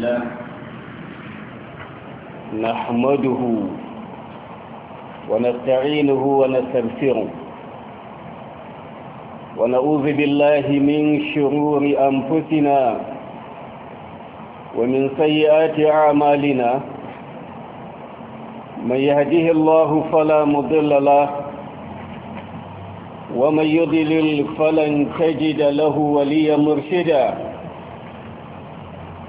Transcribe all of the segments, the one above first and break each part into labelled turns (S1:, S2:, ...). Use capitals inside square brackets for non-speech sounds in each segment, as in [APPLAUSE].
S1: لله نحمده ونستعينه ونستغفره ونعوذ بالله من شرور أنفسنا ومن سيئات أعمالنا من يهده الله فلا مضل له ومن يضلل فلن تجد له وليا مرشدا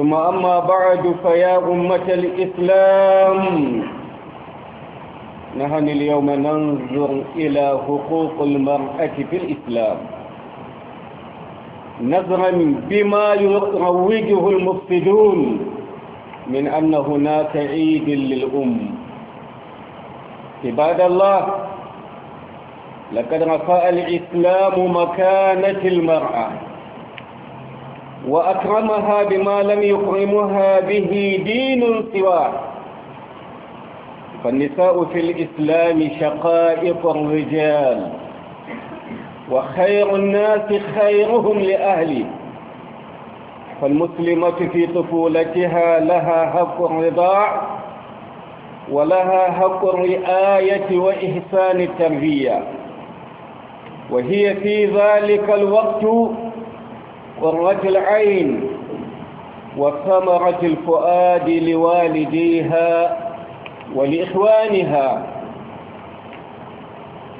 S1: ثم أما بعد فيا أمة الإسلام نحن اليوم ننظر إلى حقوق المرأة في الإسلام نظرا بما يروجه المفسدون من أن هناك عيد للأم عباد الله لقد رفع الإسلام مكانة المرأة وأكرمها بما لم يكرمها به دين سواه فالنساء في الإسلام شقائق الرجال وخير الناس خيرهم لأهله فالمسلمة في طفولتها لها حق الرضاع ولها حق الرآية وإحسان التربية وهي في ذلك الوقت قرة العين وثمرة الفؤاد لوالديها ولإخوانها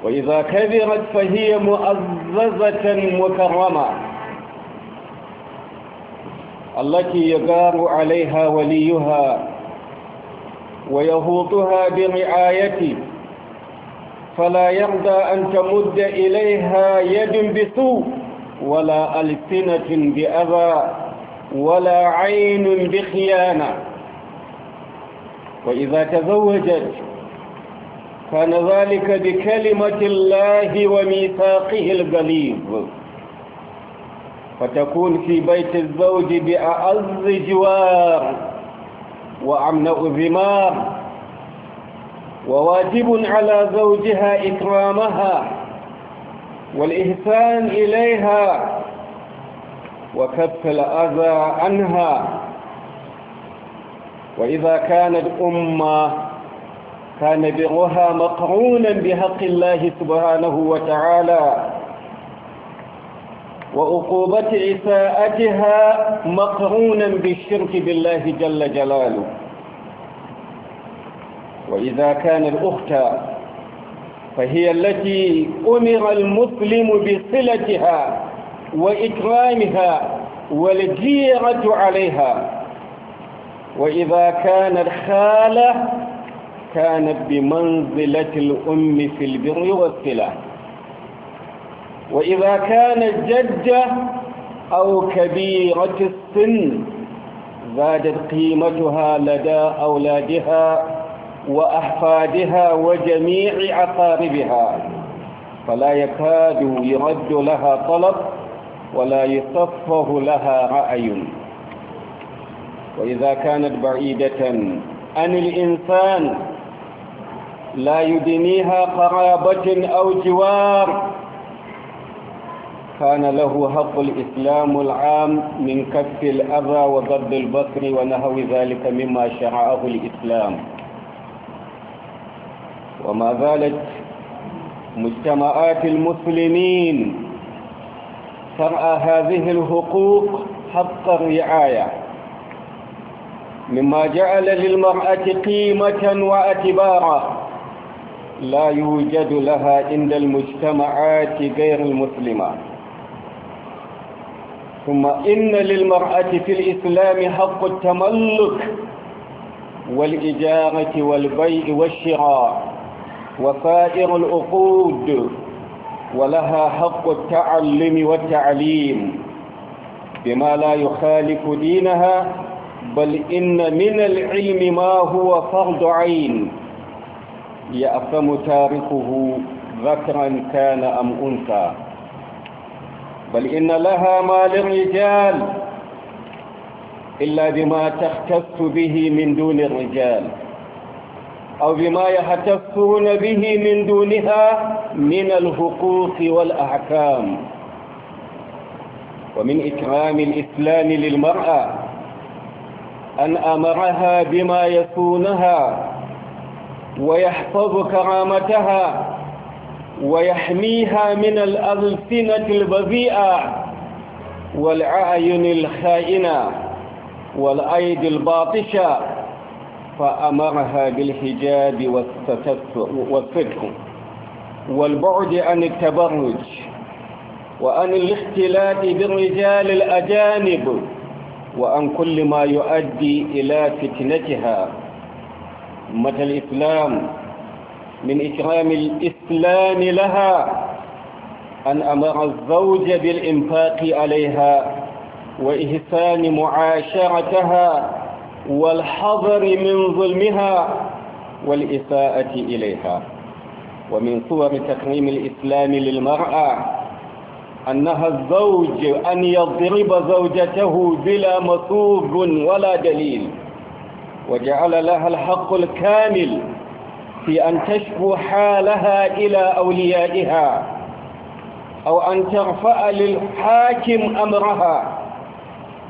S1: وإذا كبرت فهي مؤززة مكرمة التي يجار عليها وليها ويهوطها برعايته فلا يرضى أن تمد إليها يد بسوء ولا ألسنة بأذى ولا عين بخيانة وإذا تزوجت كان ذلك بكلمة الله وميثاقه الغليظ فتكون في بيت الزوج بأعز جوار وأمنأ ذمار وواجب على زوجها إكرامها والإحسان إليها وكف الأذى عنها وإذا كانت أمة كان بغها مقرونا بحق الله سبحانه وتعالى وعقوبة إساءتها مقرونا بالشرك بالله جل جلاله وإذا كان الأخت فهي التي أمر المسلم بصلتها وإكرامها والجيرة عليها وإذا كانت خالة كانت بمنزلة الأم في البر والصلة وإذا كانت جدة أو كبيرة السن زادت قيمتها لدى أولادها وأحفادها وجميع أقاربها فلا يكاد يرد لها طلب ولا يصفه لها رأي وإذا كانت بعيدة عن الإنسان لا يدنيها قرابة أو جوار كان له حق الإسلام العام من كف الأذى وضرب البصر ونهو ذلك مما شرعه الإسلام وما زالت مجتمعات المسلمين ترعى هذه الحقوق حق الرعاية مما جعل للمرأة قيمة واعتبارا لا يوجد لها عند المجتمعات غير المسلمة ثم إن للمرأة في الإسلام حق التملك والإجارة والبيع والشراء وسائر العقود ولها حق التعلم والتعليم بما لا يخالف دينها بل إن من العلم ما هو فرض عين يأثم تاركه ذكرا كان أم أنثى بل إن لها ما للرجال إلا بما تختص به من دون الرجال أو بما يحتفون به من دونها من الحقوق والأحكام ومن إكرام الإسلام للمرأة أن أمرها بما يصونها ويحفظ كرامتها ويحميها من الألسنة البذيئة والعين الخائنة والأيدي الباطشة فأمرها بالحجاب والصدق والبعد عن التبرج وعن الاختلاط بالرجال الأجانب وعن كل ما يؤدي إلى فتنتها متى الإسلام من إكرام الإسلام لها أن أمر الزوج بالإنفاق عليها وإحسان معاشرتها والحذر من ظلمها والإساءة إليها ومن صور تكريم الإسلام للمرأة أنها الزوج أن يضرب زوجته بلا مصوب ولا دليل وجعل لها الحق الكامل في أن تشكو حالها إلى أوليائها أو أن ترفع للحاكم أمرها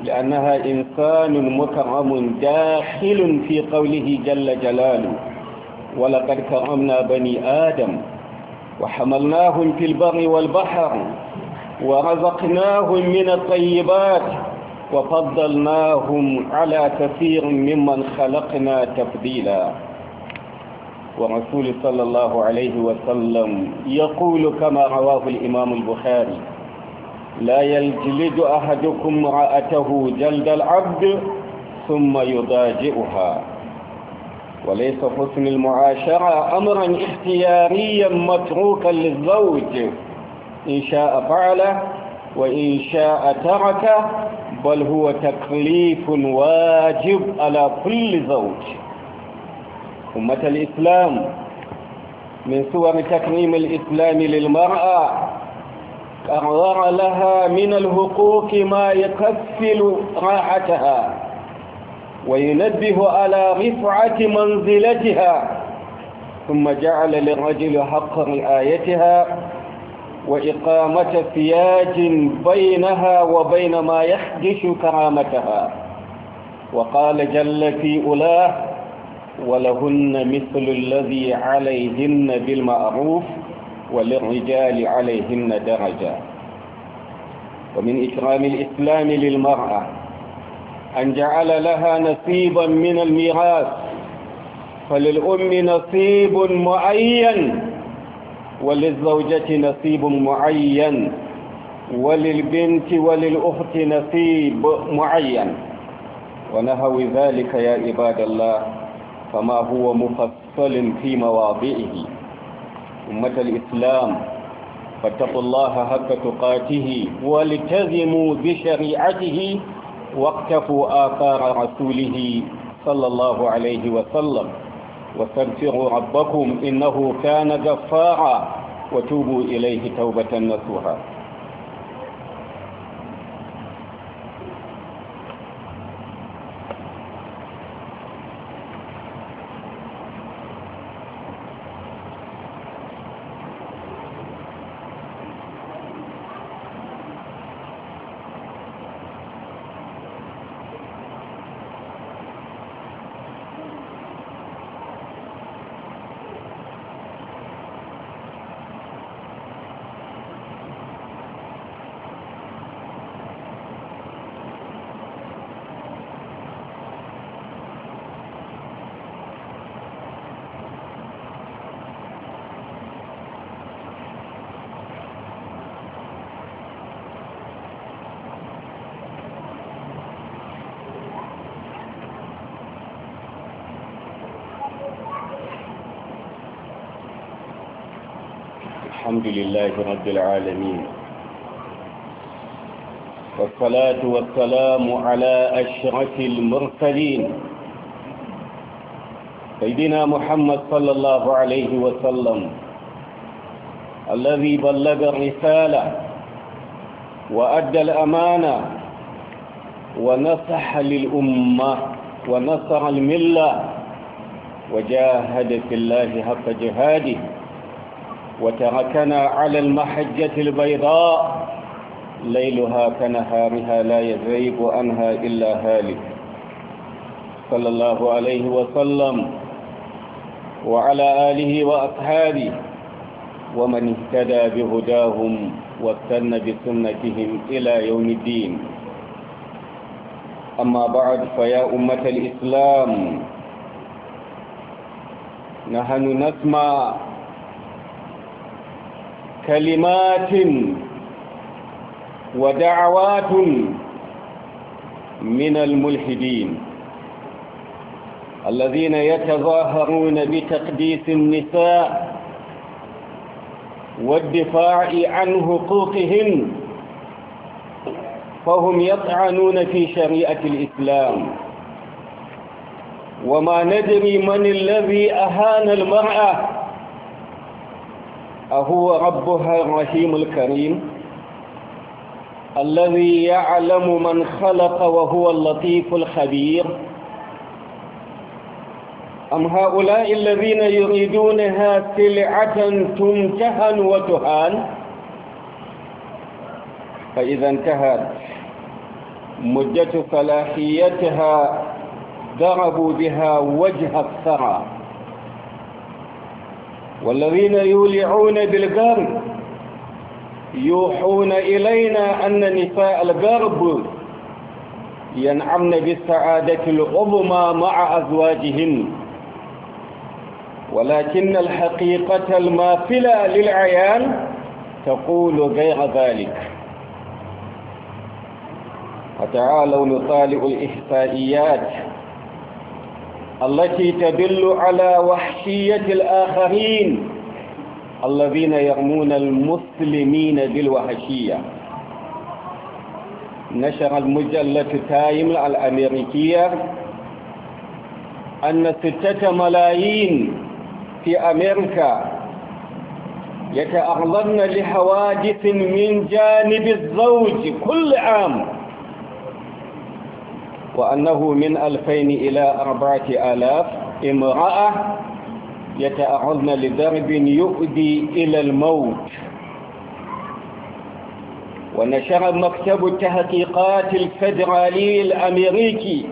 S1: لأنها إنسان مكرم داخل في قوله جل جلاله ولقد كرمنا بني آدم وحملناهم في البر والبحر ورزقناهم من الطيبات وفضلناهم على كثير ممن خلقنا تفضيلا ورسول صلى الله عليه وسلم يقول كما رواه الإمام البخاري لا يلجلد أحدكم رأته جلد العبد ثم يضاجئها وليس حسن المعاشرة أمرا اختياريا متروكا للزوج إن شاء فعله وإن شاء تركه بل هو تكليف واجب على كل زوج أمة الإسلام من صور تكريم الإسلام للمرأة قرر لها من الحقوق ما يكفل راحتها وينبه على رفعة منزلتها ثم جعل للرجل حق رعايتها وإقامة سياج بينها وبين ما يحدث كرامتها وقال جل في أولاه ولهن مثل الذي عليهن بالمعروف وللرجال عليهن درجة ومن إكرام الإسلام للمرأة أن جعل لها نصيبا من الميراث فللأم نصيب معين وللزوجة نصيب معين وللبنت وللأخت نصيب معين ونهو ذلك يا عباد الله فما هو مفصل في مواضعه أمة الإسلام فاتقوا الله حق تقاته والتزموا بشريعته واقتفوا آثار رسوله صلى الله عليه وسلم واستغفروا ربكم إنه كان غفارا وتوبوا إليه توبة نصوحا الحمد لله رب العالمين والصلاة والسلام على أشرف المرسلين سيدنا محمد صلى الله عليه وسلم الذي بلغ الرسالة وأدى الأمانة ونصح للأمة ونصر الملة وجاهد في الله حق جهاده وتركنا على المحجة البيضاء ليلها كنهارها لا يزيب عنها إلا هالك صلى الله عليه وسلم وعلى آله وأصحابه ومن اهتدى بهداهم واستنى بسنتهم إلى يوم الدين أما بعد فيا أمة الإسلام نحن نسمع كلمات ودعوات من الملحدين الذين يتظاهرون بتقديس النساء والدفاع عن حقوقهن فهم يطعنون في شريعة الإسلام وما ندري من الذي أهان المرأة أهو ربها الرحيم الكريم الذي يعلم من خلق وهو اللطيف الخبير أم هؤلاء الذين يريدونها سلعة تمتهن وتهان فإذا انتهت مدة صلاحيتها ضربوا بها وجه الثرى والذين يولعون بالغرب يوحون إلينا أن نساء الغرب ينعمن بالسعادة العظمى مع أزواجهن ولكن الحقيقة الماثلة للعيان تقول غير ذلك فتعالوا نطالع الإحصائيات التي تدل على وحشية الآخرين الذين يرمون المسلمين بالوحشية نشر المجلة تايم الأمريكية أن ستة ملايين في أمريكا يتأغلن لحوادث من جانب الزوج كل عام وأنه من ألفين إلى أربعة آلاف امرأة يتأعرضن لضرب يؤدي إلى الموت ونشر مكتب التحقيقات الفدرالي الأمريكي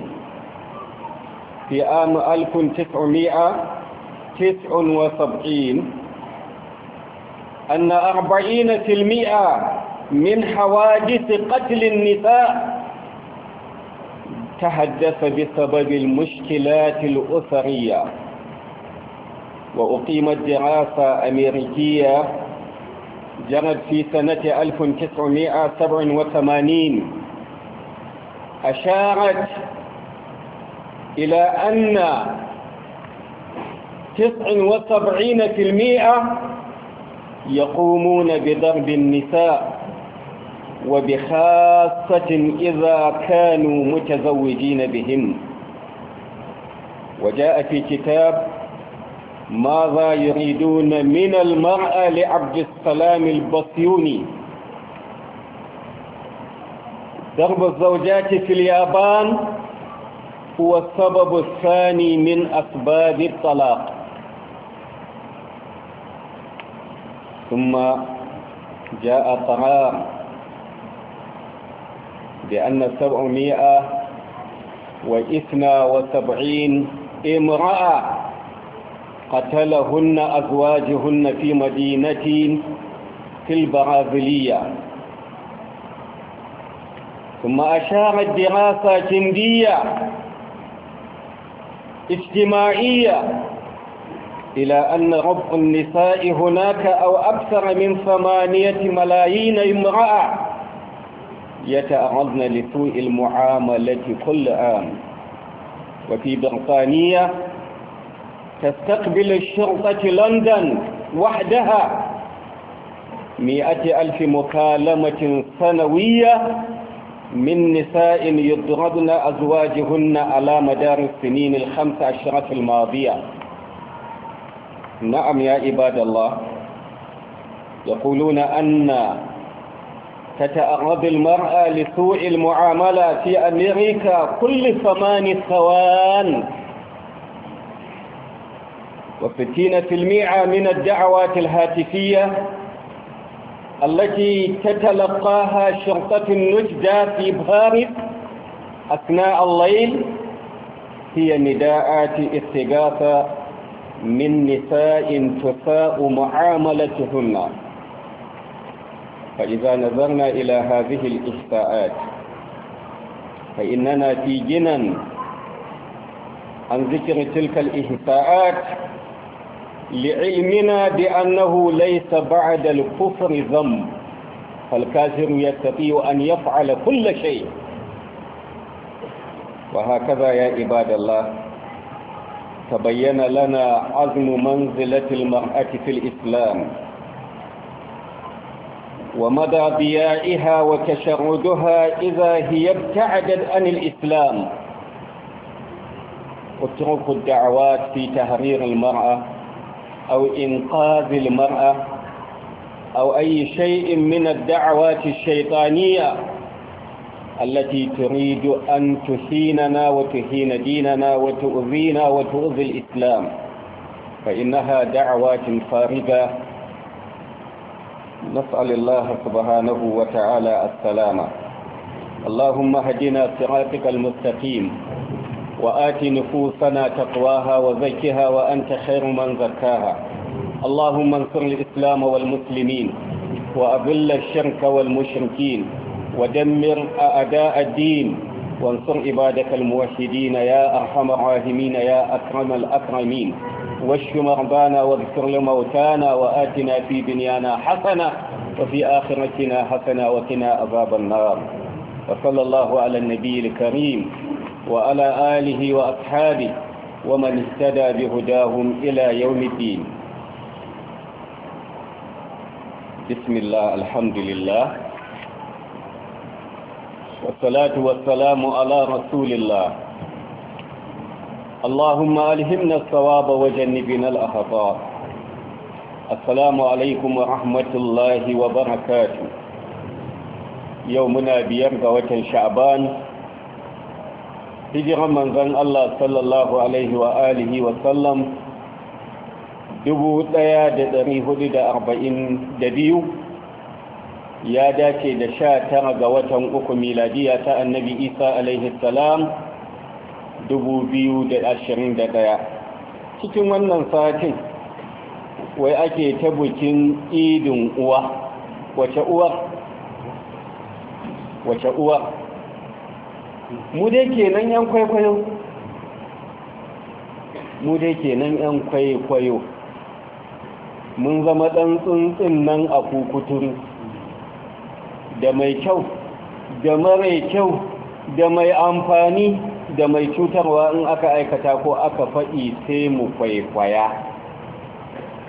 S1: في عام 1979 أن 40% من حوادث قتل النساء تحدث بسبب المشكلات الأسرية وأقيمت دراسة أمريكية جرت في سنة 1987 أشارت إلى أن 79% يقومون بضرب النساء وبخاصة إذا كانوا متزوجين بهم وجاء في كتاب ماذا يريدون من المرأة لعبد السلام البصيوني ضرب الزوجات في اليابان هو السبب الثاني من أسباب الطلاق ثم جاء قرار بأن سبعمائة وإثنى وسبعين امرأة قتلهن أزواجهن في مدينة في البرازيلية ثم أشارت دراسة جندية اجتماعية إلى أن ربع النساء هناك أو أكثر من ثمانية ملايين امرأة يتعرضن لسوء المعاملة كل عام وفي بريطانيا تستقبل الشرطة لندن وحدها مئة ألف مكالمة سنوية من نساء يضربن أزواجهن على مدار السنين الخمس عشرة الماضية نعم يا عباد الله يقولون أن تتعرض المرأة لسوء المعاملة في أمريكا كل ثمان ثوان وستين في المئة من الدعوات الهاتفية التي تتلقاها شرطة النجدة في باريس أثناء الليل هي نداءات استغاثة من نساء تساء معاملتهن فإذا نظرنا إلى هذه الإحصاءات فإننا في جنا عن ذكر تلك الإحصاءات لعلمنا بأنه ليس بعد الكفر ذنب فالكافر يستطيع أن يفعل كل شيء وهكذا يا عباد الله تبين لنا عظم منزلة المرأة في الإسلام ومدى ضيائها وتشردها إذا هي ابتعدت عن الإسلام اتركوا الدعوات في تهرير المرأة أو إنقاذ المرأة أو أي شيء من الدعوات الشيطانية التي تريد أن تهيننا وتهين ديننا وتؤذينا وتؤذي الإسلام فإنها دعوات فارغة نسأل الله سبحانه وتعالى السلامة اللهم هدنا صراطك المستقيم وآت نفوسنا تقواها وزكها وأنت خير من زكاها اللهم انصر الإسلام والمسلمين وأذل الشرك والمشركين ودمر أعداء الدين وانصر عبادك الموحدين يا أرحم الراحمين يا أكرم الأكرمين واشف مرضانا واذكر لموتانا وآتنا في دنيانا حسنة وفي آخرتنا حسنة وقنا عذاب النار وصلى الله على النبي الكريم وعلى آله وأصحابه ومن اهتدى بهداهم إلى يوم الدين بسم الله الحمد لله والصلاة والسلام على رسول الله اللهم ألهمنا الثواب وجنبنا الأخطاء السلام عليكم ورحمة الله وبركاته يومنا بيرغة وكان شعبان هجر من ذن الله صلى الله عليه وآله وسلم دبو تيا ددري هدد أربعين دبيو يا داكي دشا ترغة وكان أكو ميلادية النبي إيسى عليه السلام 2021 cikin wannan satin wai ake ta bikin idin uwa wace uwa, wace uwa, mu dai kenan yan kwaikwayo mu dai kenan yan kwaikwayo mun zama ɗan tsuntsun nan a kukuturu da mai kyau da mara kyau da mai amfani da mai cutarwa in aka aikata ko aka faɗi sai mu kwaikwaya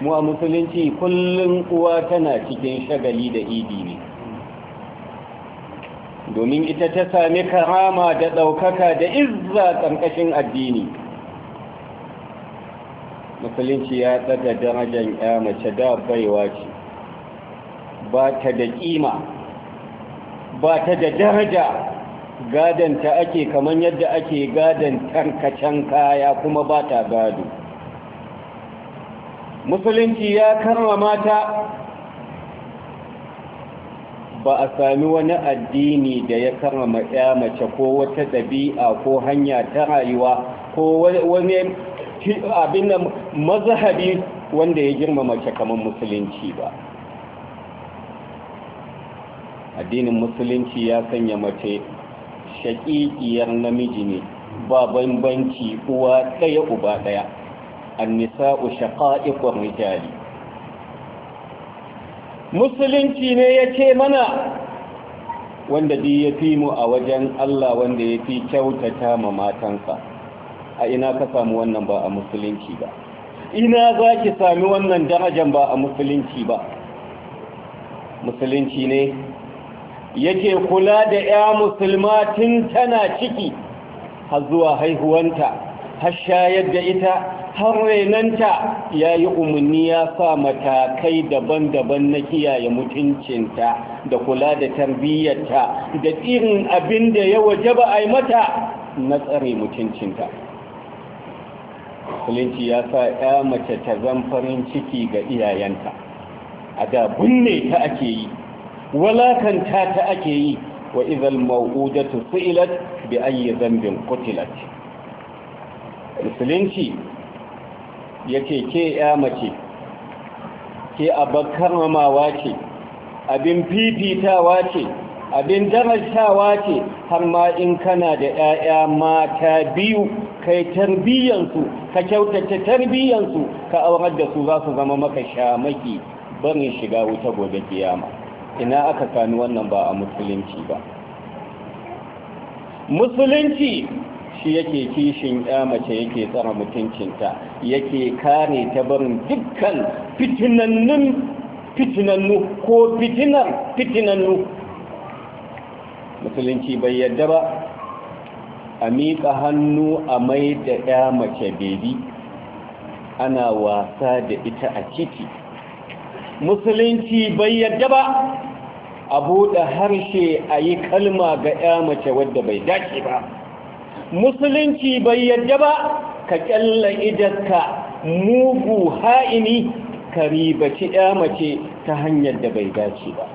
S1: mu a musulunci kullum uwa tana cikin shagali da idi ne domin ita ta sami karama da ɗaukaka da izza ƙarƙashin addini musulunci ya tsada darajar ya mace da baiwa ce ba ta da ƙima ba ta da daraja gadanta ake kamar yadda ake gadan tankacen kaya kuma ba ta gado musulunci ya karrama ta ba a sami wani addini da ya karrama ya mace ko wata ɗabi'a ko hanya ta rayuwa ko wani abin da mazhabi wanda ya girma mace kamar musulunci ba addinin musulunci ya sanya mace shaƙiƙiyar namiji ne ba bambanci uwa ɗaya uba ɗaya annisa'u shaqa'iqur rijali musulunci ne ya ce mana wanda duk ya fi mu a wajen Allah wanda ya fi kyautata ma matansa a ina ka samu wannan ba a musulunci ba ina za ki sami wannan darajan ba a musulunci ba musulunci ne yake kula da ya musulmatin tana ciki har zuwa haihuwanta har shayar da ita har renanta ya yi umarni ya sa matakai daban-daban na kiyaye mutuncinta da kula da tarbiyyarta da irin abin da ya waje ba a yi mata na tsare mutuncinta kulinci ya sa ya mace ta zan ciki ga iyayenta a da binne ta ake yi walakanta ta ake yi wa izal Ma'udatu su'ilat bi ayyi dhanbin qutilat musulunci yake ke ya mace ke abakarmamawa ce abin fifitawa ce abin darasawa ce har ma in kana da 'ya'ya mata biyu kai tarbiyyansu ka kyautata tarbiyyansu ka aurar da su za su zama maka shamaki barin shiga wuta gobe kiyama ina aka sami wannan ba a musulunci ba musulunci shi yake kishin ya mace yake tsara mutuncinta yake kare ta barin dukkan fitinannun fitinannu ko fitinar fitinannu musulunci bai yadda ba a miƙa hannu a mai da ya mace bebi ana wasa da ita a ciki musulunci bai yadda ba a buɗe harshe a yi kalma ga ya mace wadda bai dace ba musulunci bai yadda ba ka ƙyalla idanka mugu ha'ini ka ribaci ya mace ta hanyar da bai dace ba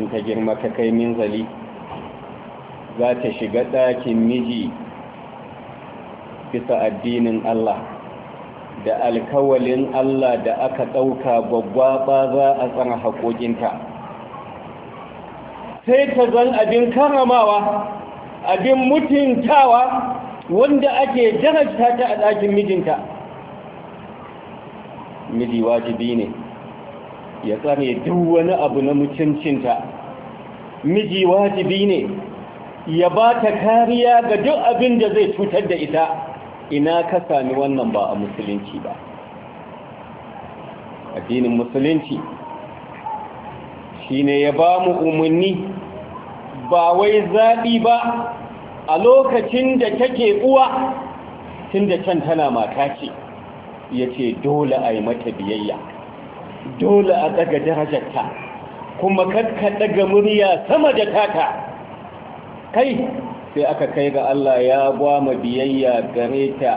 S1: in ta girma ka kai minzali za ta shiga ɗakin miji bisa addinin Allah da alkawalin Allah da aka ɗauka ba za a tsara haƙoƙinta sai ta zan abin karamawa abin mutuntawa wanda ake jarabta ta a ɗakin mijinta miji wajibi ne ya tsare duk wani abu na mutuncinta miji wajibi ne ya ba ta kariya ga duk abin da zai cutar da ita ina ka sami wannan ba a musulunci ba addinin musulunci shine ya ba mu umarni ba wai zaɓi ba a lokacin da take uwa tun da can tana mata ce ya ce dole a yi mata biyayya dole a daga darajarta kuma kakka daga murya sama da taka kai sai aka kai ga Allah ya gwama biyayya gare ta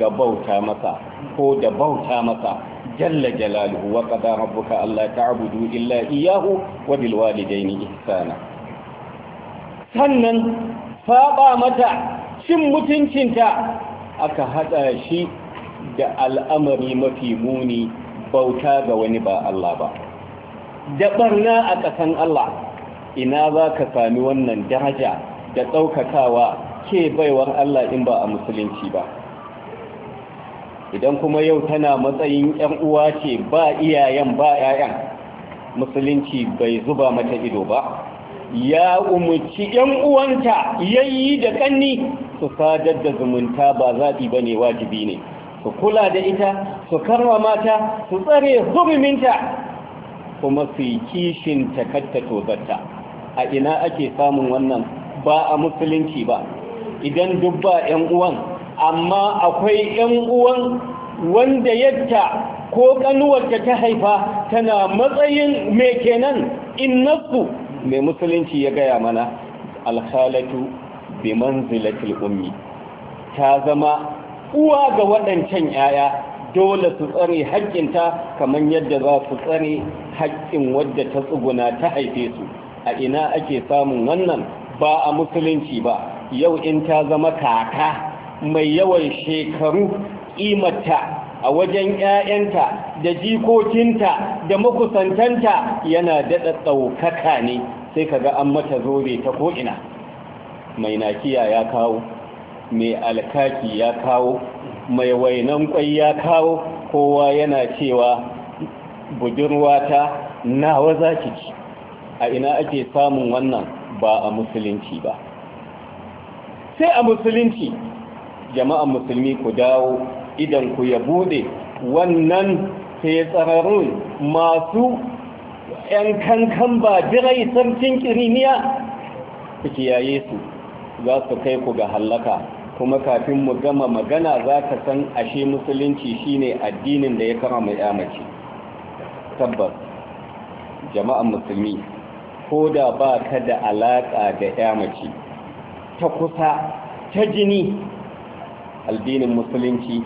S1: ga bauta masa ko da bauta masa jalla jalaluhu wa qada rabbuka alla ta'budu illa iyyahu wa bil walidayni ihsana sannan saba mata cin mutuncinta aka hada shi da al'amari mafi muni bauta ga wani ba Allah ba da barna a ƙasan Allah ina za ka sami wannan daraja da ɗaukakawa ke baiwar Allah in ba a musulunci ba idan kuma yau tana matsayin ‘yan uwa ce ba iyayen ba ‘ya'yan musulunci bai zuba mata ido ba ya umarci ‘yan uwanta yayi da ƙanni su sadar da zumunta ba zaɓi ba ne wajibi ne su kula da ita su karwa mata su tsare zubiminta kuma su yi kishin takatta tozarta a ina ake samun wannan ba a musulunci ba idan duk ba 'yan uwan amma akwai 'yan uwan wanda yadda ko ƙanuwarta ta haifa tana matsayin mai kenan innasu. mai musulunci ya gaya mana alhalatu bi manzilatil ummi ta zama uwa ga waɗancan 'ya'ya dole su tsare haƙƙinta kamar yadda za su tsare haƙƙin wadda ta tsuguna ta haife su a ina ake samun wannan ba a musulunci ba yau in ta zama kaka mai yawan shekaru ƙimata a wajen 'ya'yanta da jikokinta da makusantanta yana daɗa ɗaukaka ne sai kaga an mata zobe ta ko'ina mai nakiya ya kawo mai alkaki ya kawo mai wainan ƙwai ya kawo kowa yana cewa budurwata nawa za ki ci a ina ake samun wannan ba a musulunci ba sai a musulunci jama'an musulmi ku dawo idan ku ya bude wannan sai tsararrun masu 'yan kankan ba birai sarkin kiriniya ku kiyaye su za su kai ku ga hallaka kuma kafin mu gama magana za ka san ashe musulunci shine addinin da ya kama mai amince. tabbas jama'an musulmi ko da ba ka da alaƙa da ya mace ta kusa ta jini Aldinin musulunci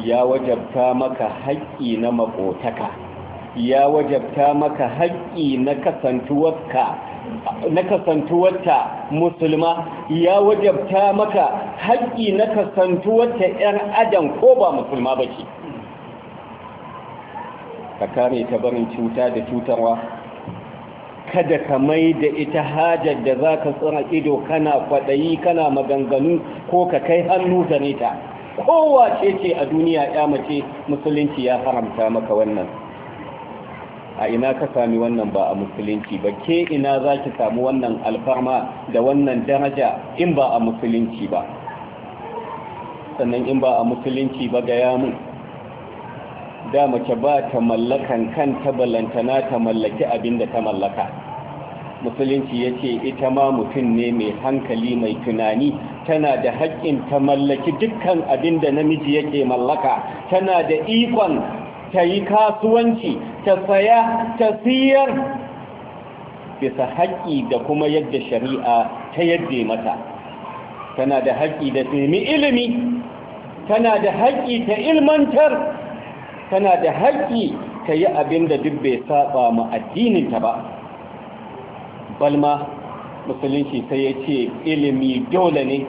S1: ya wajabta maka haƙƙi na maƙotaka ya wajabta maka haƙƙi na kasantuwarta musulma ya wajabta maka haƙƙi na kasantuwarta 'yan adam ko ba musulma ba ce ka kare ta barin cuta da cutarwa kada ka mai da ita hajar da za ka tsira ido kana kwaɗayi kana maganganu ko ka kai hannu gane ta kowa ce ce a duniya ya mace musulunci ya haramta maka wannan a ina ka sami wannan ba a musulunci ba ke ina za ki samu wannan alfarma da wannan daraja in ba a musulunci ba sannan in ba a musulunci ba ga yamun da mace ba ta mallakan tabalanta na ta mallaki abin da ta mallaka musulunci ya ce ita ma mutum ne mai hankali mai tunani tana da haƙƙin ta mallaki dukkan abin da namiji yake mallaka tana da ikon ta yi kasuwanci ta saya ta siyar bisa haƙƙi da kuma yadda shari'a ta yadda mata tana da haƙƙi da ilimi tana da haƙƙi ta ilmantar tana da haƙƙi ta yi abin da duk bai saba ma addininta ba balma musulunci sai ya ce ilimi dole ne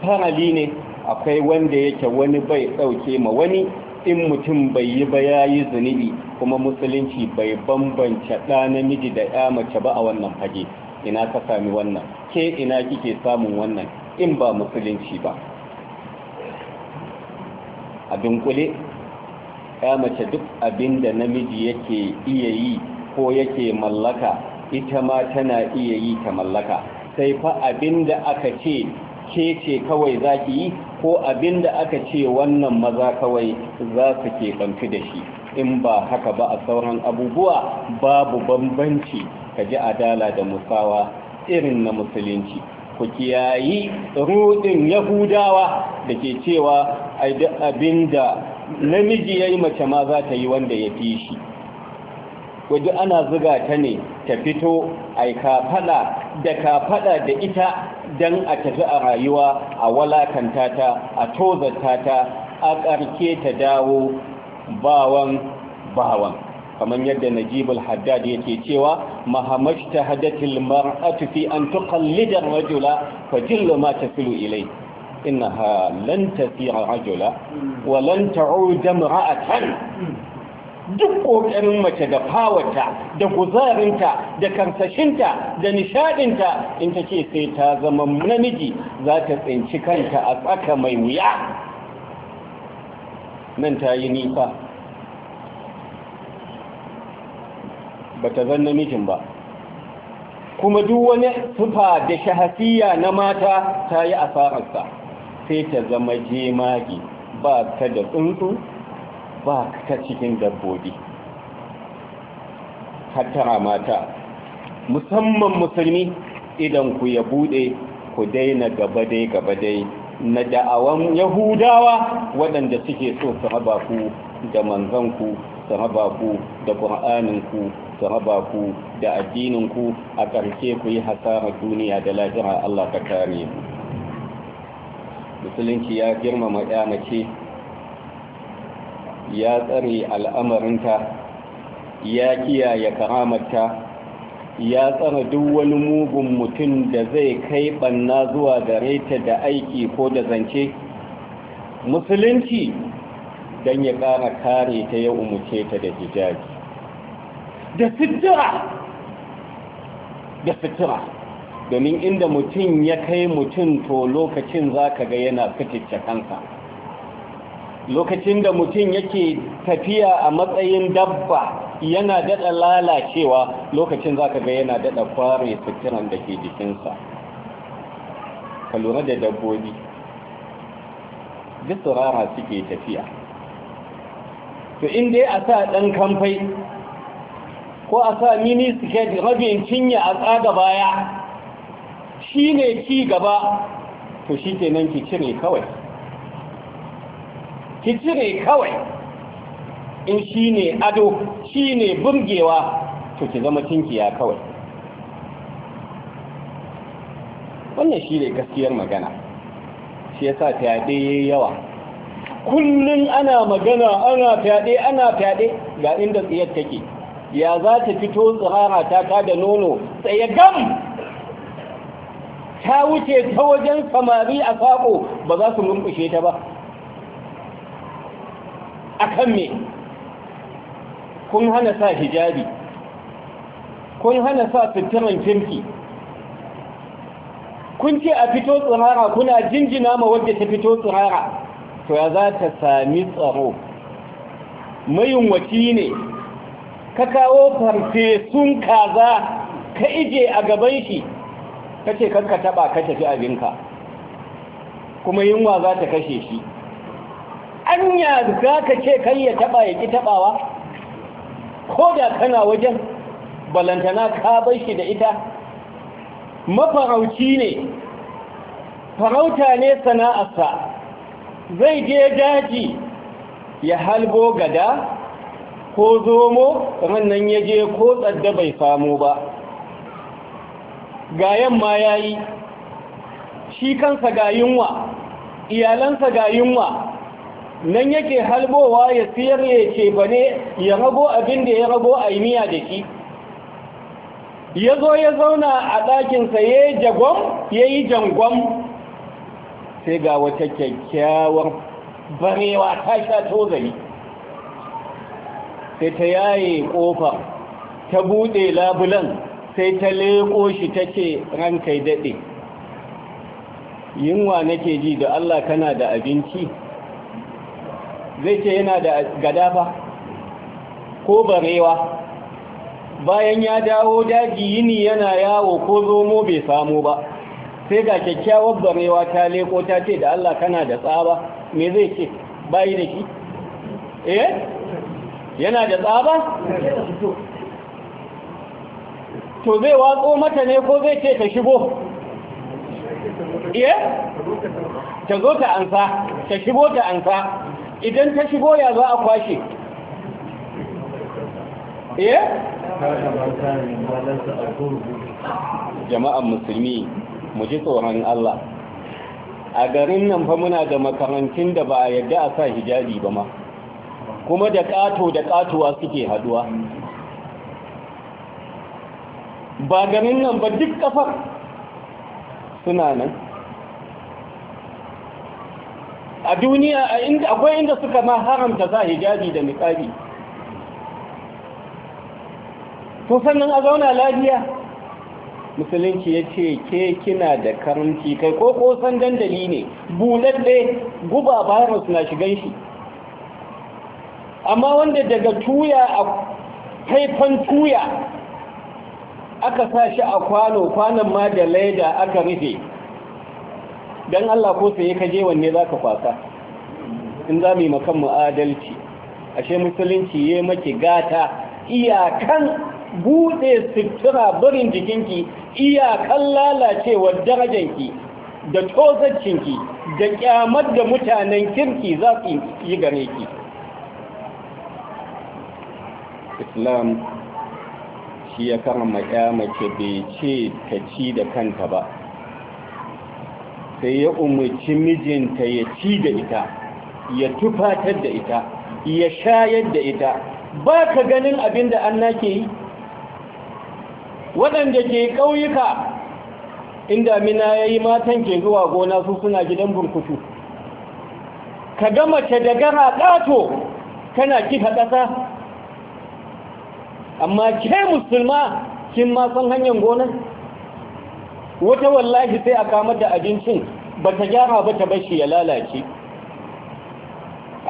S1: farali ne akwai wanda yake wani bai ɗauke ma wani in mutum bai yi ba ya yi zunubi kuma musulunci bai bambance ɗa namiji da ya mace ba a wannan fage ina ka sami wannan ke ina kike samun wannan in ba musulunci ba a dunkule ya mace duk abin da namiji yake iya yi ko yake mallaka ita ma tana iya yi ta mallaka sai fa abin da aka ce ke ce kawai za ki yi ko abin da aka ce wannan maza kawai za su ke ɗanfi da shi in ba haka ba a sauran abubuwa babu bambanci ka ji adala da musawa irin na musulunci ku kiyayi rudin yahudawa da ke cewa abin da namiji ya yi mace ma za ta yi wanda ya fi shi waje ana zuga ta ne ta fito a kafaɗa da kafaɗa da ita don a tafi a rayuwa a walakanta ta a tozarta ta a ƙarke ta dawo bawan bawan kamar yadda najibul haddad yake cewa mahamashta hadatil mar'atu fi an tuqallida ar-rajula fa jillu ma tasilu ilayhi إنها لن تسيع رجلا ولن تعود امرأة duk ƙoƙarin mace da fawarta da guzarinta da karsashinta da nishaɗinta in ta ce sai ta zama namiji za ta tsinci kanta a tsaka mai wuya nan ta yi nifa ba ta zan namijin ba kuma duk wani sufa da shahasiya na mata ta yi asararsa sai ta zama jemage ba ta da tsuntsu ba ta cikin dabbobi hatara mata musamman musulmi idan ku ya bude ku daina gaba gabadai gabadai na da'awan yahudawa waɗanda suke so su raba ku da manzanku su raba ku da ƙur'aninku su raba ku da addininku a ƙarshe ku yi hasarar duniya da lahira Allah ka kare mu musulunci ya girmama ya mace ya tsare al'amarinta ya kiyaye karamarta ya tsara duk wani mugun mutum da zai kai banna zuwa gare ta da aiki ko da zance musulunci don ya ƙara kare ta ya umuce ta da hijabi da
S2: sutura
S1: da sutura domin inda mutum ya kai mutum to lokacin za ka ga yana fitice kansa lokacin da mutum yake tafiya a matsayin dabba yana dada lalacewa lokacin za ka ga yana dada kware suturan da ke jikinsa ka lura da dabbobi duk tsirara suke tafiya to in dai a sa ɗan kamfai ko a sa mini suke rabin cinye a tsada baya shi ne ki gaba to shi kenan ki cire kawai ki cire kawai in shi ne ado shi ne burgewa to ki zama cinkiya kawai wannan shi ne gaskiyar magana shi yasa fyaɗe ya yawa kullum ana magana ana fyaɗe ana fyaɗe ga inda tsayar take ya za ta fito tsirara ta da nono tsaye gam ta wuce ta wajen samari a saƙo ba za su rumfushe ta ba a kan me kun hana sa hijabi kun hana sa suturan kirki kun ce a fito tsirara kuna jinjina ma wadda ta fito tsirara to ya za ta sami tsaro mayunwaci ne ka kawo farfesun kaza ka ije a gaban shi kace kanka taba ka tafi abinka kuma yunwa za ta kashe shi anya za ka ce kai ya taba ya ki tabawa ko da kana wajen balantana ka bar shi da ita mafarauci ne farauta ne sana'arsa zai je daji ya halbo gada ko zomo rannan ya je ko tsadda bai samu ba ga yamma ya yi shi kansa ga yunwa iyalansa ga yunwa nan yake halbowa ya siyar ya ce ba ne ya rago abin da ya rago a miya da shi ya zo ya zauna a ɗakinsa ya yi jagon ya yi jangon sai ga wata kyakkyawar barewa ta sha tozali sai ta yaye ƙofa ta buɗe labulan sai ta leƙo shi ta ce rankai daɗe yinwa nake ji da Allah kana da abinci zai ce yana da gadafa ko barewa bayan ya dawo daji yini yana yawo ko zomo bai samu ba sai ga kyakkyawar barewa ta leƙo ta ce da Allah kana da tsaba me zai ce bayi da shi eh yana da tsaba to zai watso mata ne ko zai ce ta shigo iya eh? ta zo ta ansa ta shigo ta ansa idan ta shigo ya za a kwashe iya eh? jama'an musulmi mu ji tsoron Allah a garin nan fa muna da makarantun da ba a yadda a sa hijabi ba ma kuma da ƙato da katuwa suke haduwa ba ganin nan ba duk kafar suna nan a duniya akwai inda suka ma haramta za hijabi da niƙari to sannan a zauna lafiya musulunci ya ce ke kina da karanci kai ko kosan dandali ne bulalle guba virus na shigan shi amma wanda daga tuya a haifan tuya aka sa shi a kwano kwanan ma da laida aka rufe don Allah ko sai ka je wanne zaka kwasa in za mu yi makan mu adalci ashe musulunci ya maki gata iyakan buɗe sutura barin jikinki iyakan lalacewar darajanki da ki da kyamar da mutanen kirki za su yi gare ki islam shi ya kama mace bai ce ta ci da kanta ba sai ya umarci mijinta ya ci da ita ya tufatar da ita ya shayar da ita ba ka ganin abin da an nake yi waɗanda ke ƙauyuka inda mina ya yi matan ke zuwa gona su suna gidan burkutu ka ga mace da gara ƙato tana kifa ƙasa amma ke musulma kin ma san hanyar gonar wata wallahi sai a kamar da abincin ba ta gyara ba ta bashi ya lalace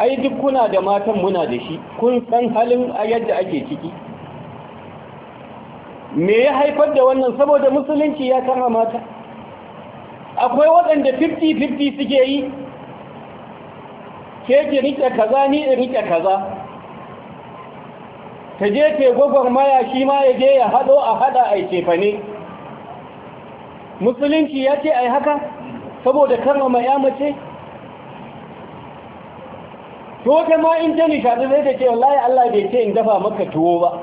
S1: ai duk kuna da matan muna da shi kun san halin a yadda ake ciki me ya haifar da wannan saboda musulunci ya kama mata akwai waɗanda 50-50 suke yi ke ki rike kaza ni in rike kaza ta je ke maya shi ma ya je ya haɗo a haɗa a cefane musulunci ya ce a yi haka saboda karrama ya mace to wata ma in ta nishaɗi zai ta ce wallahi Allah bai ce in dafa maka tuwo ba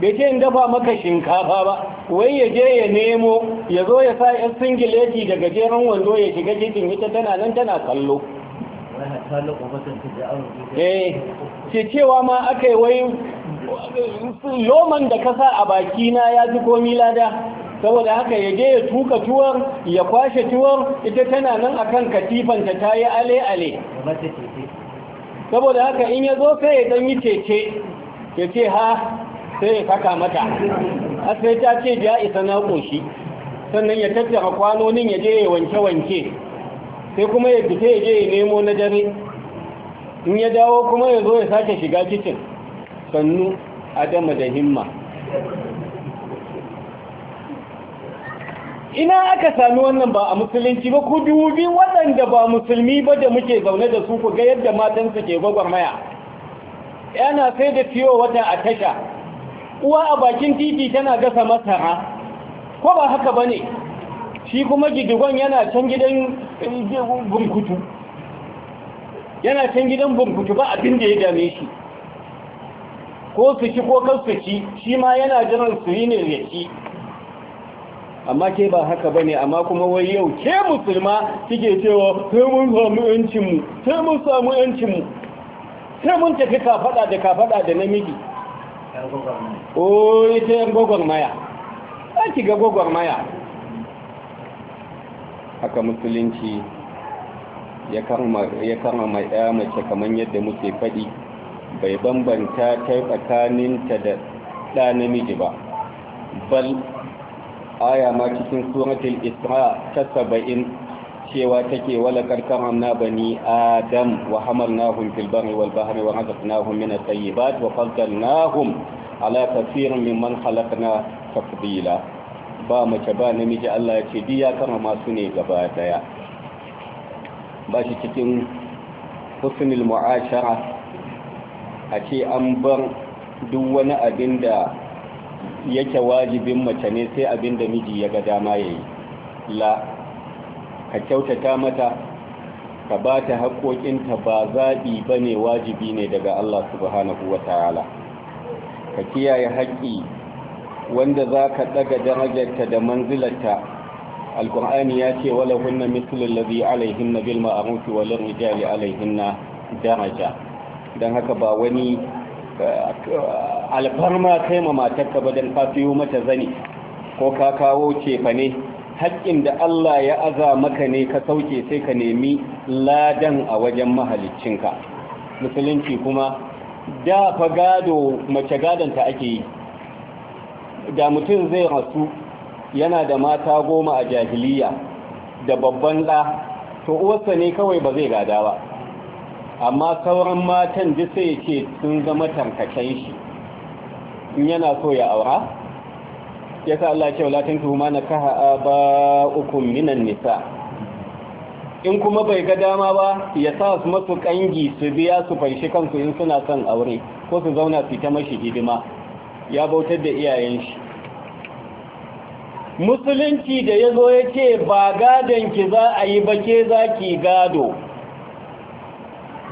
S1: bai ce in dafa maka shinkafa ba wai ya je ya nemo ya zo ya sa yan singileti daga gajeren wando ya shiga cikin ita tana nan tana kallo eh ce cewa ma aka yi wayin loman da kasa a bakina ya fi komi lada saboda haka ya je ya tuka tuwar ya kwashe tuwar ita tana nan akan katifanta ta yi ale-ale saboda haka in ya zo sai ya dan yi cece ya ce ha sai ya saka mata a sai ta ce ya isa na ƙoshi sannan ya tattara kwanonin ya je ya wanke-wanke sai kuma ya fita ya je ya nemo na dare in ya dawo kuma ya zo ya sake shiga kicin sannu adama da himma ina aka sami wannan ba a musulunci ba ku dubi waɗanda ba musulmi ba da muke zaune da su ku ga yadda matansa ke gwagwarmaya yana sai da fiye wata a tasha uwa a bakin titi tana gasa masara ko ba haka ba ne shi kuma gidigon yana can gidan eh, burkutu yana can gidan bunkutu ba abin da ya dame shi ko su ci ko kan su ci shi ma yana jiran su yi ne ya ci amma ke ba haka bane amma kuma wai yau ke musulma kike cewa sai mun samu yancin mu sai mun samu yancin mu sai mun tafi kafada da kafada da namiji o oh, ita yan maya an ki ga maya haka musulunci ya kama mai ɗaya mace kamar yadda muke faɗi bai bambanta ta tsakaninta da ɗa namiji ba bal aya ma cikin suratul isra ta saba'in cewa take wala karkan amna bani adam wa hamalnahum fil barri wal bahri wa razaqnahum min at-tayyibat wa faddalnahum ala kathirin mimman khalaqna tafdila ba mace ba namiji Allah ya ce diya kama masu ne gaba daya ba shi cikin husnul mu'ashara a ce an bar duk wani abin da yake wajibin mace ne sai abin da miji ya ga dama ya yi la ka kyautata mata ka ba ta haƙoƙinta ba zaɓi ba ne wajibi ne daga Allah subhanahu wa ta'ala ka kiyaye haƙƙi wanda za ka ɗaga darajarta da manzilarta alƙur'ani ya ce wala hunna mislul ladhi alaihinna bil ma'ruf wa lil rijali alaihinna daraja don haka ba wani eh, alfarma kai ma matarka ba don fafiyo mata zani ko ka kawo cefa ne haƙƙin da Allah ya aza maka ne ka sauke sai ka nemi ladan a wajen mahaliccinka musulunci kuma da fa gado mace gadonta ake yi da mutum zai rasu yana da mata goma a jahiliya da babban ɗa to uwarsa ne kawai ba zai gada ba amma sauran matan duk sai ce sun zama tankacen shi in yana so ya aura ya sa Allah ce wala na ma ba uku minan nisa in kuma bai ga dama ba ya sa su masu kangi su biya su fanshi kansu in suna son aure ko su zauna su ta mashi hidima ya bautar da iyayen shi musulunci da ya zo ya ce ba gadon ki za a yi ba ke za ki gado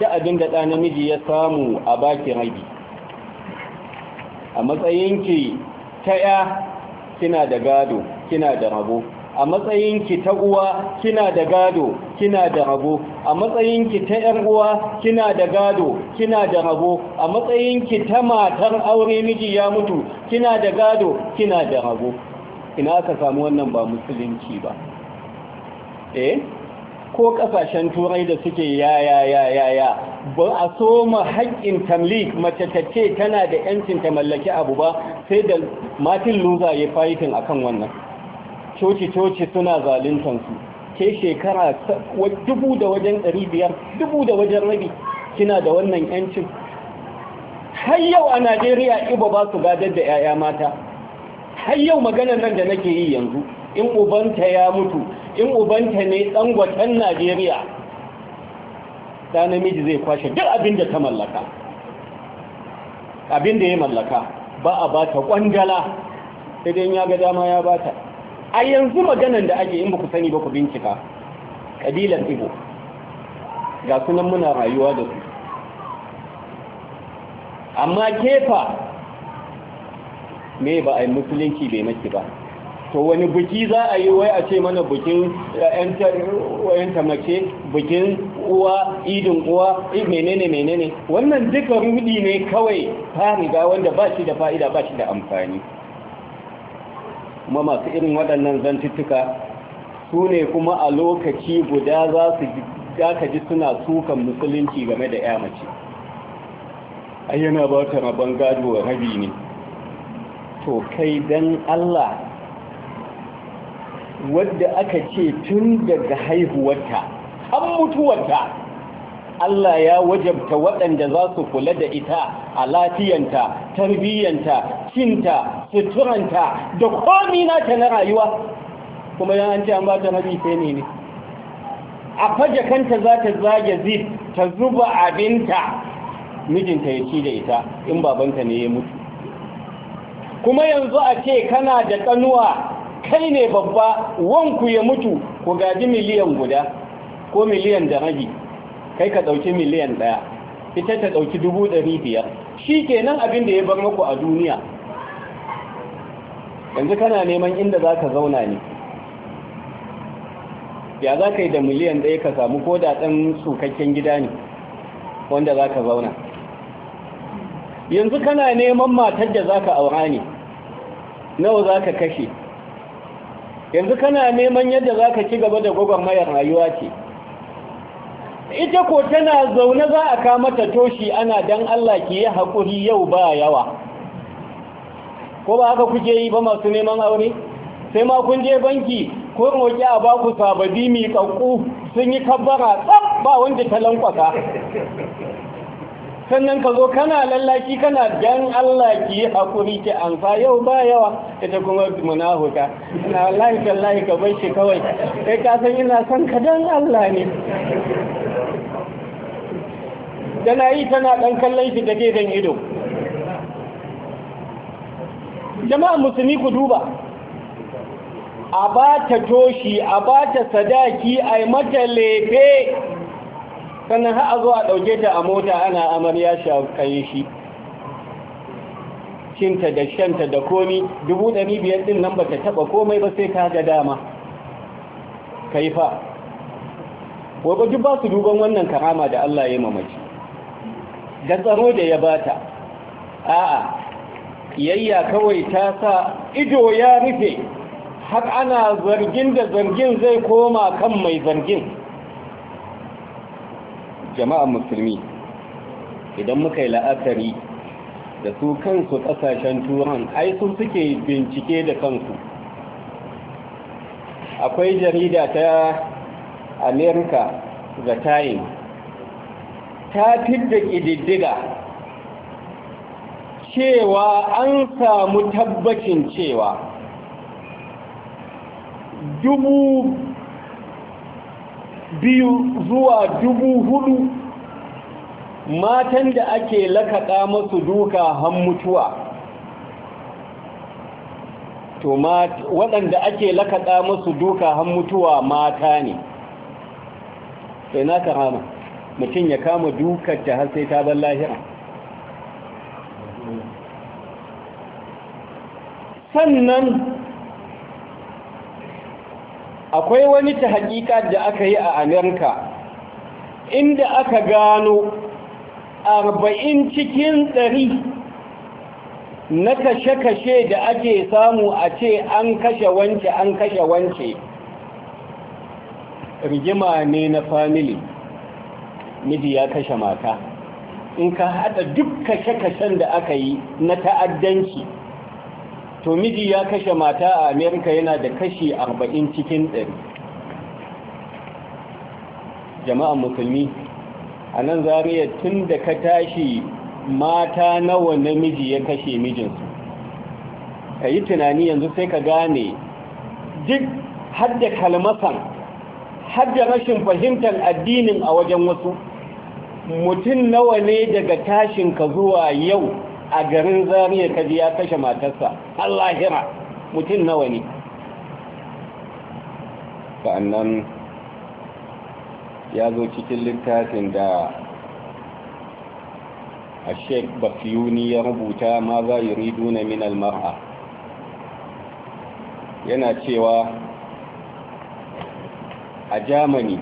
S1: da abin da ɗa namiji ya samu a baki rabi a matsayinki ta ya kina da gado kina da rabo a matsayinki ta uwa kina da gado kina da rabo a matsayinki ta ƴan uwa kina da gado kina da rabo a matsayinki ta matar aure miji ya mutu kina da gado kina da rabo ina aka samu wannan ba musulunci ba eh ko kasashen turai da suke ya ya ya ya ya ba a so ma haƙƙin tamlik mace ta ce tana da yancin ta mallaki abu ba sai da martin luther ya a kan wannan coci coci suna zaluntan ke shekara dubu da wajen ɗari biyar dubu da wajen rabi kina da wannan yancin har yau a najeriya iba ba su gadar da 'ya'ya mata har yau maganar nan da nake yi yanzu in ubanta ya mutu in ubanta ne ɗan gwatan najeriya Ta namiji zai kwashe duk abin da ta mallaka abin da ya mallaka ba a ba ta ƙwangala idan ya ga dama ya ba ta a yanzu maganan da ake in ba ku sani ba ku bincika ƙabilan ibo ga sunan muna rayuwa da su amma kefa me ba a yi musulunci bai maki ba to wani buki za a yi wai a ce mana bukin eh, yan tamake bukin uwa idin uwa menene menene wannan duka rudi ne kawai ta riga wanda ba shi da fa'ida ba shi da amfani kuma masu irin waɗannan zantuttuka su ne kuma a lokaci guda za su ka ji suna sukan musulunci game da ya mace ayyana ba ta rabon gado rabi ne to kai dan Allah wadda aka ce tun daga haihuwarta an mutuwarta Allah ya wajabta waɗanda za su kula da ita a lafiyanta tarbiyyanta cinta suturanta da komi nata na rayuwa kuma yana ce an ba ta nabi sai ne ne a faje kanta za ta zage zid ta zuba abinta mijinta ya ci da ita in babanta ne ya mutu kuma yanzu a ce kana da ƙanuwa kai ne babba wanku ya mutu ku gaji miliyan guda ko miliyan da rabi kai ka ɗauki miliyan ɗaya ita ta ɗauki dubu ɗari biyar shi kenan abin da ya bar muku a duniya yanzu kana neman inda za ka zauna ne ya za ka yi da miliyan ɗaya ka samu ko da dan sukakken gida ne wanda za ka zauna yanzu kana neman matar da za ka aura ne nawa za ka kashe yanzu kana neman yadda za ka ci gaba da gwagwarmayar rayuwa ce ita ko tana zaune za a kamata toshi ana dan Allah ke yi haƙuri yau ba yawa ko ba haka kuke yi ba masu neman aure sai ma kun je banki ko roƙi a baku sababi miƙaƙƙu sun yi kabbara tsab ba wanda ta lankwasa sannan ka zo kana lallaki kana dan Allah ki yi hakuri ki amsa yau ba yawa ita kuma munafuka ina wallahi tallahi ka bar shi kawai kai ka san ina son ka dan Allah ne tana yi tana dan kallon shi da gefen ido jama'a musulmi ku duba a ba ta toshi a ba ta sadaki a mata lefe sannan ha a zo a ɗauke ta a mota ana amarya kayi shi cinta da shanta da komi dubu ɗari biyar ɗin nan ba ta taɓa komai ba sai ka ga dama ka yi fa duk ba su duban wannan karama da Allah ya mamaci da tsaro da ya bata a'a kiyayya kawai ta sa ido ya rufe har ana zargin da zargin zai koma kan mai zargin jama'an musulmi idan muka yi la'akari da su kansu kasashen turan ai sun suke bincike da kansu akwai jarida ta america the tayin. ta fidda ƙididdiga cewa an samu tabbacin cewa dubu biyu zuwa dubu hudu matan da ake lakaɗa masu duka han mutuwa to waɗanda ake lakaɗa masu duka han mutuwa mata ne sai na karama mutum ya kama dukar ta har sai ta ban lahira sannan akwai wani ta hakika da aka yi a amerika inda aka gano arba'in cikin 100 na kashe-kashe da ake samu a ce an kashe wance an kashe wance rigima ne na family miji ya kashe mata in ka hada duk kashe-kashen da aka yi na ta'addanci to miji ya kashe mata a amerika yana da kashi 40 cikin 100 Jama'a musulmi a nan zariya tun da ka tashi mata nawa namiji ya kashe mijinsu ka yi tunani yanzu sai ka gane duk hadda kalmasan hadda rashin fahimtar addinin a wajen wasu mutum nawa ne daga tashinka zuwa yau a garin zariya kaji ya kashe matarsa Allah hira mutum nawa ne sa'annan ya zo cikin littafin da a sheik bafiyuni ya rubuta ma za yi na min almar'a yana cewa a Jamani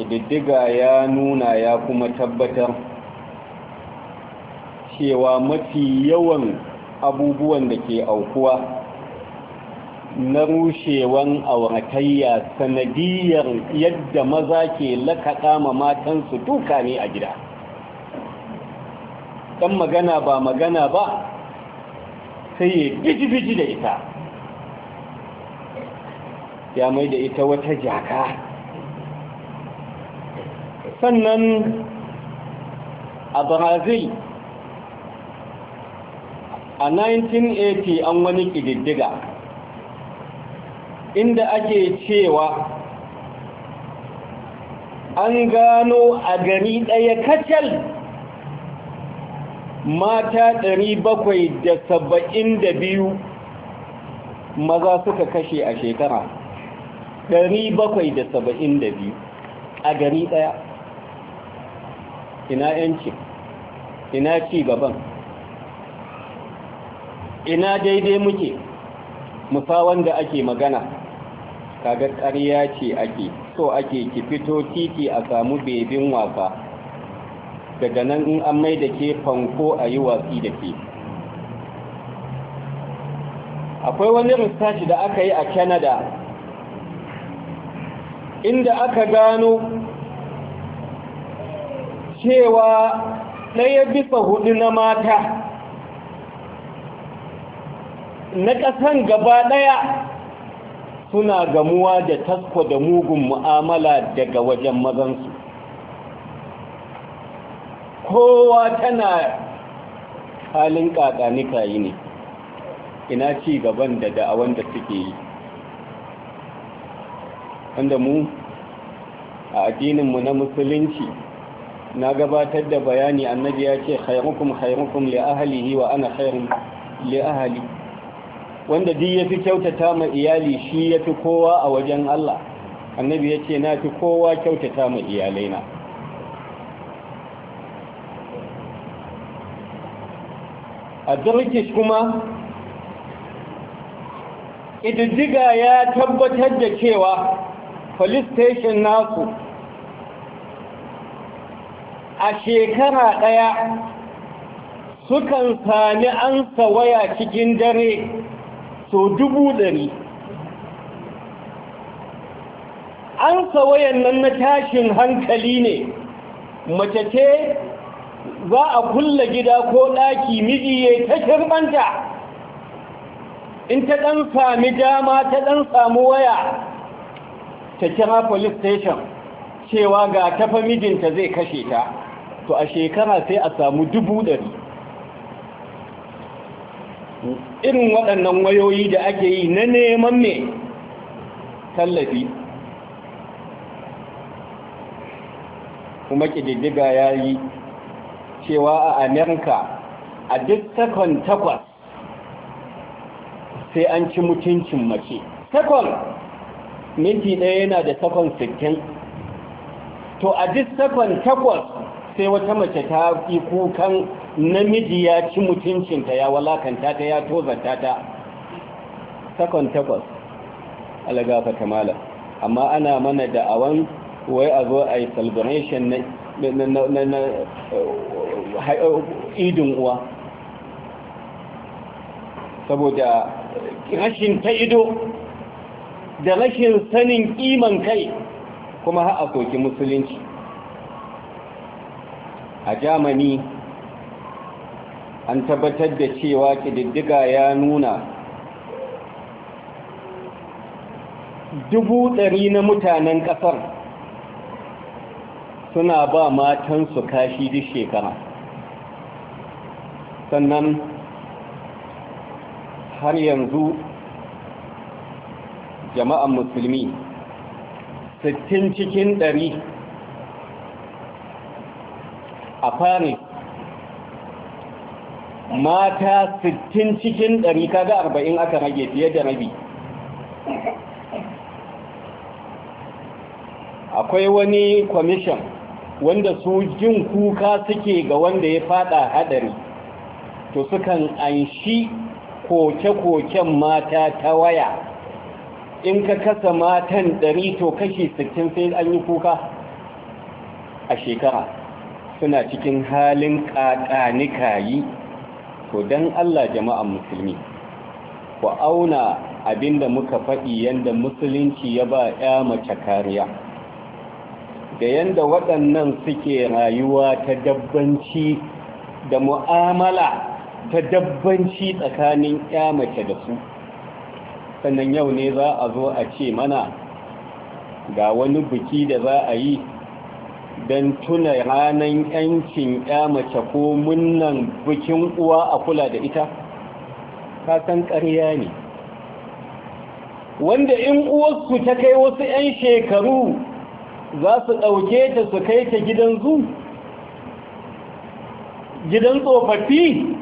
S1: ƙididdiga ya nuna ya kuma tabbatar cewa mafi yawan abubuwan da ke aukuwa na rushewan auratayya sanadiyar yadda maza ke lakaɗa ma matansu duka ne a gida ɗan magana ba magana ba sai ya biji da ita ya mai da ita wata jaka sannan a brazil a 1980 an wani ƙididdiga inda ake cewa an gano a gari ɗaya kacal mata 772 maza suka kashe a shekara 772 a gari ɗaya ina yanci ina ci gaban ina daidai muke musa wanda ake magana kaga ƙarya ce ake so ake ki fito titi a samu bebin wasa daga nan in an mai da ke fanko a yi watsi da ke akwai wani research da aka yi a canada inda aka gano cewa ɗaya bisa hudu na mata na ƙasan gaba ɗaya suna gamuwa da tasko da mugun mu'amala daga wajen mazansu kowa tana halin ƙaƙanika yi ne ina ci gaban da da'awan da suke yi wanda mu a addininmu na musulunci na gabatar da bayani annabi ya ce khairukum khairukum li ahlihi wa ana khairun li wanda duk ya fi kyautata ma iyali shi ya fi kowa a wajen Allah annabi ya ce na fi kowa kyautata ma iyalai na a turkish kuma ƙididdiga ya tabbatar da cewa police station nasu a shekara ɗaya sukan sami an waya cikin dare so dubu ɗari an sawayan nan na tashin hankali ne mace ce za a kulla gida ko ɗaki miji ya yi ta shirɓanta in ta ɗan sami dama ta ɗan samu waya ta kira police station cewa ga tafa mijinta zai kashe ta to a shekara sai a samu dubu ɗari irin waɗannan wayoyi da ake yi na neman ne tallafi kuma ƙididdiga ya yi cewa a amerika a duk takon takwas sai an ci mutuncin mace Takon minti ɗaya yana da takon 60 to a duk takon takwas sai wata mace ta fi kukan namiji ya ci mutuncinta ya walakanta ta ya tozanta ta takon takwas alagafa ta malam amma ana mana da'awan wai a zo a yi celebration na uh, idin uwa saboda rashin ta ido da rashin sanin iman kai kuma ha'a soki musulunci a jamani an tabbatar da cewa ƙididdiga ya nuna dubu ɗari na mutanen ƙasar suna ba matansu kashi duk shekara sannan har yanzu jama'an musulmi sittin cikin ɗari a paris mata sittin cikin ɗari kaga arba'in aka rage fiye da rabi akwai wani kwamishin wanda su jin kuka suke ga wanda ya fada hadari to sukan anshi koke-koken mata ta waya in ka kasa matan ɗari to kashi sittin sai an yi kuka a shekara suna cikin halin ƙaƙanika yi to don Allah jama'an musulmi ku auna abinda muka faɗi yadda musulunci ya ba ya mace kariya da yanda waɗannan suke rayuwa ta dabbanci da mu'amala ta dabbanci tsakanin ya mace da su sannan yau ne za a zo a ce mana ga wani biki da za a yi don tuna ranar yancin mace ko munnan bikin uwa a kula da ita san ƙarya ne wanda in uwarsu ta kai wasu 'yan shekaru za su ɗauke ta su kai ta gidan zu gidan tsofaffi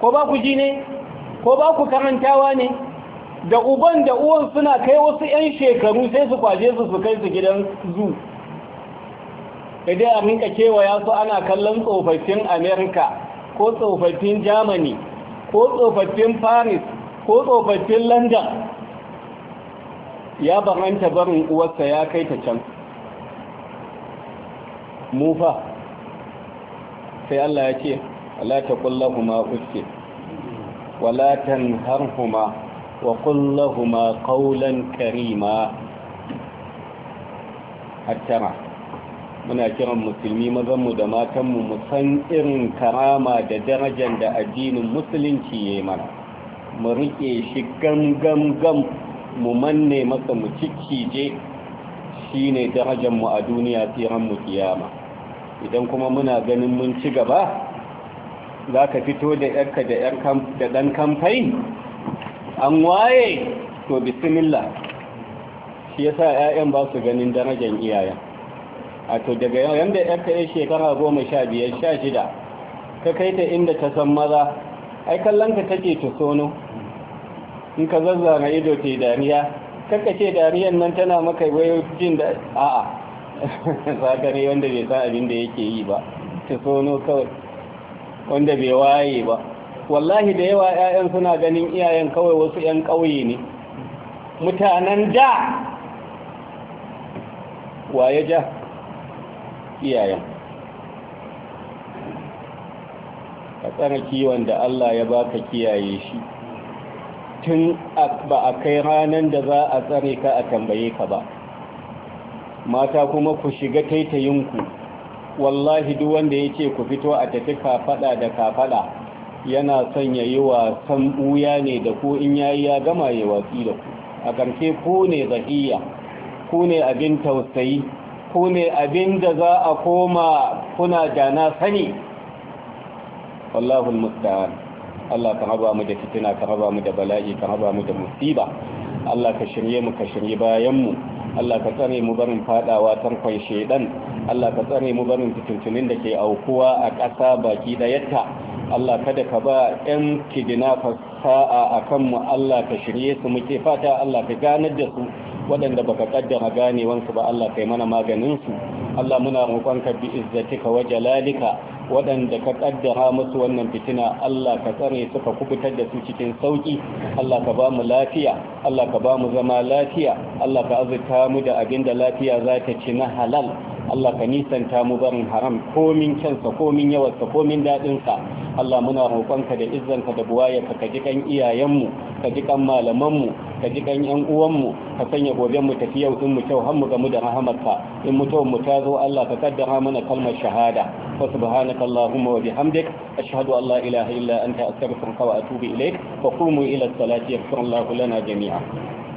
S1: ko ba ku ji ne ko ba ku karantawa ne da uban da uwan suna kai wasu 'yan shekaru sai su kwaje su su kai su gidan zu ka dai a kewa kewaya su ana kallon tsofaffin amerika ko tsofaffin germany ko tsofaffin paris ko tsofaffin london ya baranta barin uwarsa ya kai ta can mufa sai allah ya ce wala ta kullahuma uske wala tanharhuma wa kullahuma qawlan karima tara muna kiran musulmi mazanmu da matanmu mu san irin karama da darajar da addinin musulunci ya yi mana mu riƙe shi gam gam mu manne masa mu cicije shi ne darajarmu a duniya tsiranmu kiyama idan kuma muna ganin mun ci gaba za ka fito da yarka da ɗan kamfai an waye to bismillah shi yasa 'ya'yan ba su ganin darajar iyayen a to daga yanda yar ta shekara goma sha biyar sha shida ka kai ta inda ta san maza ai kallon ka take ta sono in ka zazzara ido ta dariya kaka ce dariyan nan tana maka wayo jin da a'a ne [LAUGHS] wanda bai san abin da yake yi ba ta sono kawai wanda bai waye ba wallahi da yawa 'ya'yan suna ganin iyayen kawai wasu 'yan ƙauye ne mutanen da waye ja iyayen ka tsara kiwon da Allah ya baka kiyaye shi tun ba a kai ranar da za a tsare ka a tambaye ka ba mata kuma ku shiga taitayinku wallahi duk wanda ya ce ku fito a tafi kafada da kafada yana son ya yi wasan buya ne da ku in yayi ya gama ya watsi da ku a ƙarshe ku ne zahiya ku ne abin tausayi ku ne abin da za a koma kuna da na sani wallahul musta'an Allah ka haba mu da fitina ka haba mu da bala'i ka haba mu da musiba Allah ka shirye mu ka shirye bayan mu Allah ka tsare mu barin fadawa tarkon shedan Allah ka tsare mu barin fitintunin da ke aukuwa a ƙasa baki dayarta Allah kada ka ba 'yan kidina fasa'a a kanmu Allah ka shirye su muke fata Allah ka ganar da su waɗanda baka kaddara ganewansu ba Allah kai mana maganinsu Allah muna roƙonka bi izzatika wa jalalika waɗanda ka kaddara musu wannan fitina Allah ka tsare su ka kubutar da su cikin sauki Allah ka bamu lafiya Allah ka bamu zama lafiya Allah ka azurta mu da abin da lafiya za ta ci na halal Allah ka nisanta mu barin haram komin kyansa komin yawarsa komin daɗinsa Allah muna roƙonka da izzanka da buwayarka ka ji kan iyayenmu ka ji kan malamanmu ka ji kan yan uwanmu ka sanya gobe mu tafi yau din mu kyau har mu gamu da rahamarka in mutuwar mu ta zo Allah ka kaddara mana kalmar shahada fa subhanaka allahumma wa bihamdik ashhadu an la ilaha illa anta astaghfiruka wa atubu ilaik fa qumu ila salati yaghfir Allah lana jami'a